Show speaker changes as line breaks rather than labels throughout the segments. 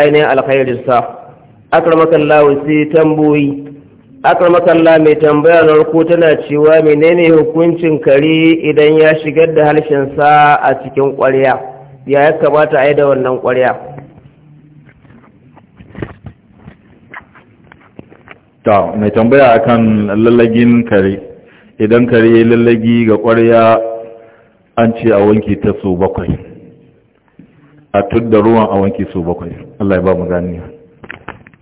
ainihin alkhairinsa akramakallahu sai tambayi, akramakalla mai tambaya na ruku tana cewa menene hukuncin kare idan ya shigar da harshensa a cikin ƙwarya ya ya kamata a yi da wannan ƙwarya
ta mai tambaya akan lallagin kare idan kare lallagi ga ƙwarya an ce a wanke ta so bakwai a da ruwan a wanke su bakwai Allah ya ba mu gani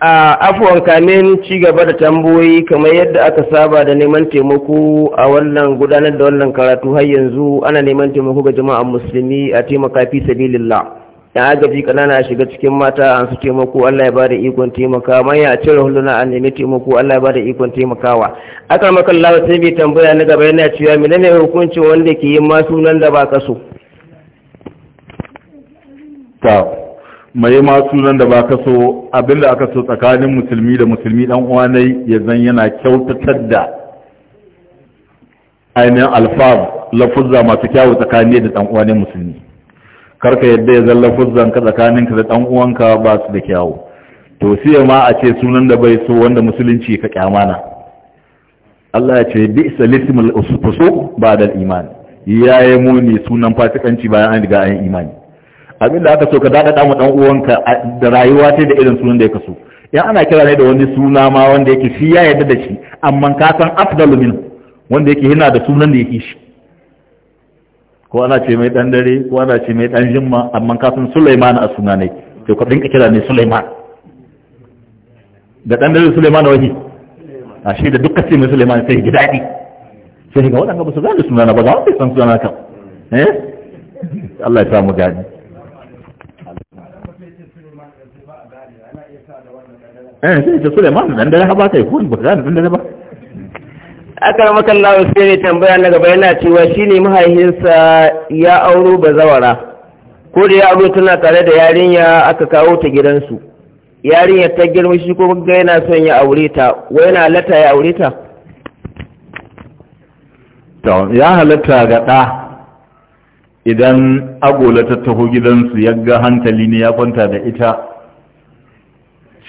a afuwan kamin ci gaba da tambayoyi kamar yadda aka saba da neman taimako a wannan gudanar da wannan karatu har yanzu ana neman taimako ga jama'an musulmi a taimaka fi sabilillah dan agaji kanana a shiga cikin mata an su taimako Allah ya bada ikon taimaka manya a ci rahuluna a nemi taimako Allah ya bada ikon taimakawa akan makan lawa sai bai tambaya na gaba yana cewa menene hukuncin wanda ke yin masu nan da ba kaso
ta mai ma sunan da baka so abinda aka so tsakanin musulmi da musulmi dan uwa ne ya zan yana kyautatar da ainihin alfaz lafuzza masu kyawu tsakanin da dan uwa ne musulmi karka yadda ya zan lafuzzan ka tsakanin ka da dan uwanka ba su da kyawu to sai ma a ce sunan da bai so wanda musulunci ka kyamana Allah ya ce bi salisimul usfusu ba da imani yayi muni sunan fatikanci bayan an riga an imani abinda aka so ka daɗaɗa mu dan uwanka da rayuwa ce da irin sunan da ya so in ana kira ne da wani suna ma wanda yake shi ya yarda da shi amma ka san afdalu min wanda yake yana da sunan da yake shi ko ana ce mai dan dare ko ana ce mai dan jimma amma ka san Sulaiman a suna ne to ka dinka kira ne Sulaiman da dan dare Sulaiman wahi a shi da dukkan sai Sulaiman sai gida dadi sai ga wadanda ba su ga suna sunana ba za su san sunana ka eh Allah ya samu gani eh sai ta Suleiman dan dare ba kai kun ba dan dare ba
aka rama kallawa sai ne tambaya na gaba yana cewa shine mahaihinsa ya auro bazawara ko da ya auro tana tare da yarinya aka kawo ta gidansu yarinya ta girma shi ko ga yana son ya aure ta wai yana lata ya aure ta
to ya halatta ga da idan agola ta taho gidansu ya ga hankali ne ya kwanta da ita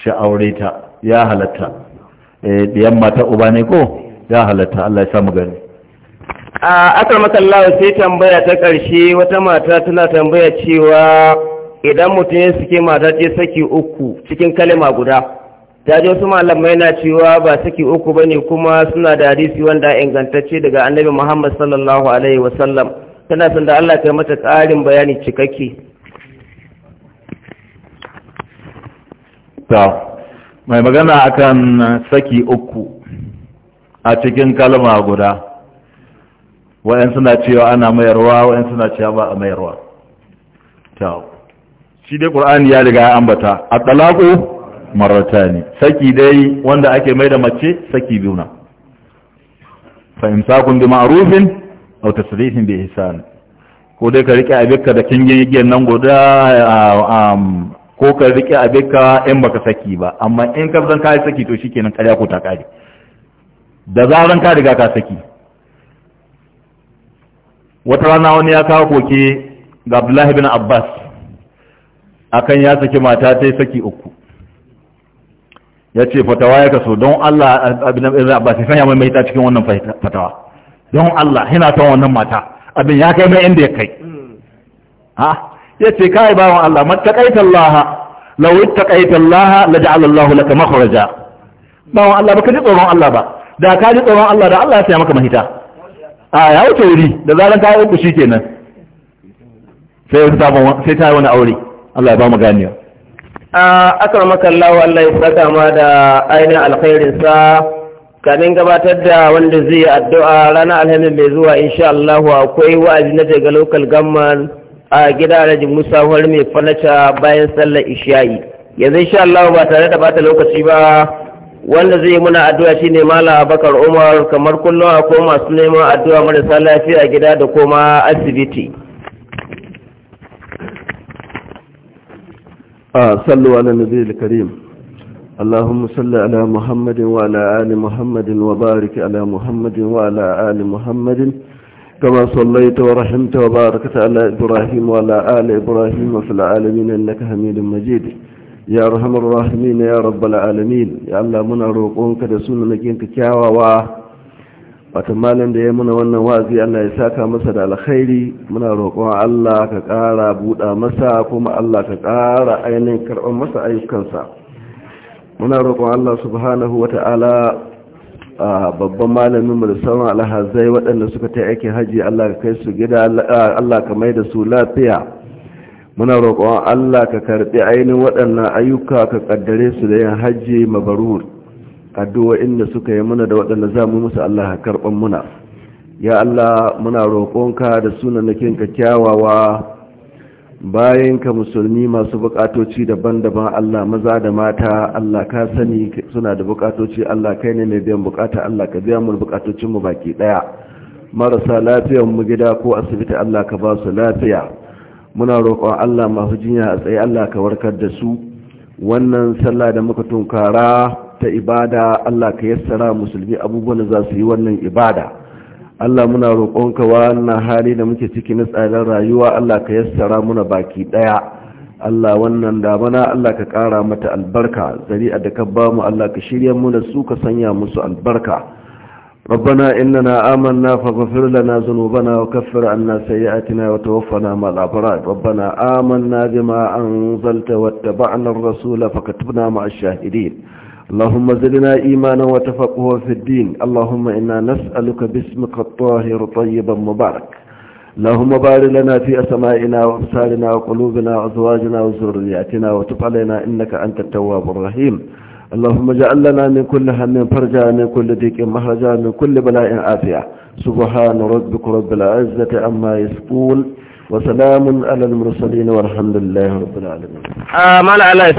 shi aure ta ya halatta eh, ɗiyan mata uba ne ko ya halatta Allah ya samu gani
a akar makallawa sai tambaya ta ƙarshe wata mata tana tambaya cewa idan mutum ya suke mata ce saki uku cikin kalima guda ta ji wasu malamai na cewa ba saki uku ba ne kuma suna da hadisi wanda ingantacce daga annabi muhammad sallallahu alaihi wasallam tana son da allah kai mata ƙarin bayani cikakke
ta mai magana akan saki uku a cikin kalma guda wa'yan suna cewa ana mayarwa wa'yan suna cewa ba a mayarwa ta shi dai ƙur'ani ya riga ya ambata a talaku marata ne saki dai wanda ake mai da mace saki biyu na fahimsakun bi ma'arufin a tasirihin bi ihsan ko dai ka rike abinka da kin igiyar nan guda ko ka rike ka in baka saki ba amma in ka zan kai saki to shikenan ƙarya ko ta kare da zaran ka riga ka saki wata rana wani ya kawo koke ga Abdullahi bin Abbas akan ya saki mata ta saki uku ya ce fatawa ya kaso don Allah abin bin Abbas sai ya mai ta cikin wannan fatawa don Allah yana ta wannan mata abin ya kai mai inda ya kai hmm. ha ya ce kai bawan Allah matakaita Allah law ittaqaita Allah la ja'ala Allah laka makhraja bawan Allah baka ji tsoron Allah ba da ka ji tsoron Allah da Allah ya saya maka mahita a ya wuce wuri da zaran ka yi shi kenan sai wata sabon sai ta yi wani aure Allah ya ba mu ganiya
a akramaka Allah Allah ya saka ma da ainihin alkhairin sa kamin gabatar da wanda zai yi addu'a ranar alhamis mai zuwa insha Allah akwai wa'azi na daga local government a gida alhaji musa wani mai fanacha bayan sallar ishiyayi yanzu insha allahu ba tare da bata lokaci ba wanda zai yi muna addu'a shi ne mallam abakar umar kamar kullum a koma masu neman addu'a marasa lafiya a gida da koma asibiti a
sallu ala da karim Allahumma salli ala Muhammadin wa ala ali Muhammadin wa barik ala Muhammadin wa ala ali Muhammadin كما صليت ورحمت وباركت على إبراهيم وعلى آل إبراهيم في العالمين إنك حميد مجيد يا أرحم الراحمين يا رب العالمين يا الله منا روقونك رسولنا نجينك كاواوا wata malam da ya muna wannan wazi Allah ya saka masa da alkhairi muna roƙon Allah ka ƙara buɗa masa kuma Allah ka ƙara ainihin karɓar masa ayyukansa muna roƙon Allah subhanahu wata'ala babban malamin mu da sauran alhazai waɗanda suka ta aikin hajji Allah ka kai su gida Allah ka mai da su lafiya muna roƙon Allah ka karɓi ainihin waɗannan ayyuka ka ƙaddare su da yin haji mabarur addu'a inda suka yi muna da waɗanda za mu musu Allah ka karɓan muna ya Allah muna roƙonka da sunan nakin ka kyawawa Bayan ka musulmi masu bukatoci daban-daban Allah maza da mata Allah ka sani suna da bukatoci Allah kai ne mai biyan bukata Allah ka biya mu bukatocin mu baki daya marasa lafiyar mu gida ko asibiti Allah ka ba su lafiya muna roƙon Allah masu jinya a tsaye Allah ka warkar da su wannan sallah da muka tunkara ta ibada Allah ka yassara musulmi abubuwan da za su yi wannan ibada Allah muna roƙonka wannan hali da muke ciki na tsadar rayuwa Allah ka yassara muna baki ɗaya, Allah wannan damana Allah ka ƙara mata albarka zari'a da ka bamu Allah ka shirya mu da su ka sanya musu albarka rabbana innana amanna faghfir lana dhunubana wa kaffir 'anna sayyi'atina wa tawaffana ma'al abrar rabbana amanna bima anzalta wattaba'na ar-rasula fakatubna ma'ash-shahidin اللهم زدنا إيمانا وتفقها في الدين اللهم إنا نسألك باسمك الطاهر طيبا مبارك اللهم بارك لنا في أسمائنا وأبصارنا وقلوبنا وأزواجنا وذرياتنا وتب علينا إنك أنت التواب الرحيم اللهم اجعل لنا من كل هم فرجا من كل ضيق مهرجا من كل بلاء عافية سبحان ربك رب العزة عما يصفون وسلام على المرسلين والحمد لله رب العالمين
آه،